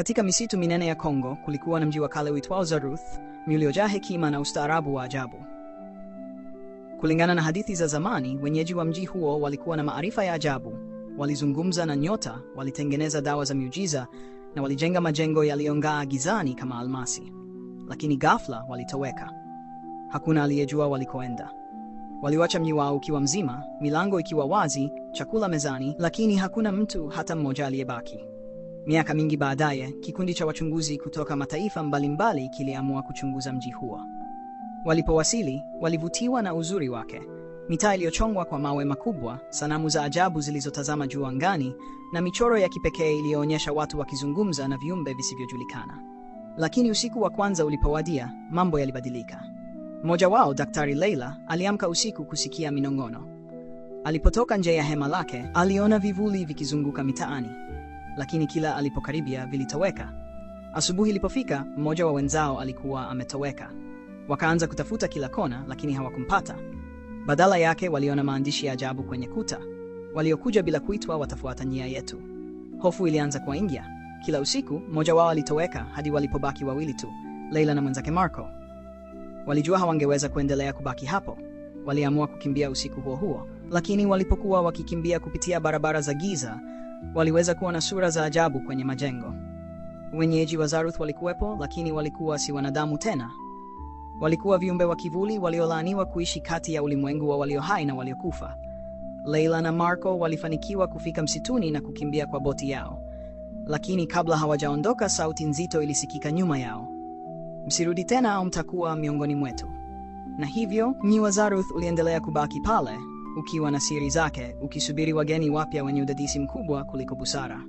Katika misitu minene ya Kongo kulikuwa na mji wa kale uitwao Zaruth, mji uliojaa hekima na ustaarabu wa ajabu. Kulingana na hadithi za zamani, wenyeji wa mji huo walikuwa na maarifa ya ajabu. Walizungumza na nyota, walitengeneza dawa za miujiza na walijenga majengo yaliyong'aa gizani kama almasi. Lakini ghafla walitoweka. Hakuna aliyejua walikoenda. Waliwacha mji wao ukiwa mzima, milango ikiwa wazi, chakula mezani, lakini hakuna mtu hata mmoja aliyebaki. Miaka mingi baadaye, kikundi cha wachunguzi kutoka mataifa mbalimbali kiliamua kuchunguza mji huo. Walipowasili, walivutiwa na uzuri wake, mitaa iliyochongwa kwa mawe makubwa, sanamu za ajabu zilizotazama juu angani, na michoro ya kipekee iliyoonyesha watu wakizungumza na viumbe visivyojulikana. Lakini usiku wa kwanza ulipowadia, mambo yalibadilika. Mmoja wao, Daktari Leila, aliamka usiku kusikia minong'ono. Alipotoka nje ya hema lake, aliona vivuli vikizunguka mitaani lakini kila alipokaribia vilitoweka. Asubuhi ilipofika, mmoja wa wenzao alikuwa ametoweka. Wakaanza kutafuta kila kona, lakini hawakumpata. Badala yake, waliona maandishi ya ajabu kwenye kuta: waliokuja bila kuitwa watafuata njia yetu. Hofu ilianza kuwaingia. Kila usiku mmoja wao alitoweka, hadi walipobaki wawili tu, Leila na mwenzake Marco. Walijua hawangeweza kuendelea kubaki hapo. Waliamua kukimbia usiku huo huo, lakini walipokuwa wakikimbia kupitia barabara za giza Waliweza kuona sura za ajabu kwenye majengo. Wenyeji wa Zaruth walikuwepo, lakini walikuwa si wanadamu tena. Walikuwa viumbe wa kivuli waliolaaniwa kuishi kati ya ulimwengu wa walio hai na waliokufa. Leila na Marco walifanikiwa kufika msituni na kukimbia kwa boti yao, lakini kabla hawajaondoka, sauti nzito ilisikika nyuma yao: msirudi tena au mtakuwa miongoni mwetu. Na hivyo mji wa Zaruth uliendelea kubaki pale ukiwa na siri zake, ukisubiri wageni wapya wenye udadisi mkubwa kuliko busara.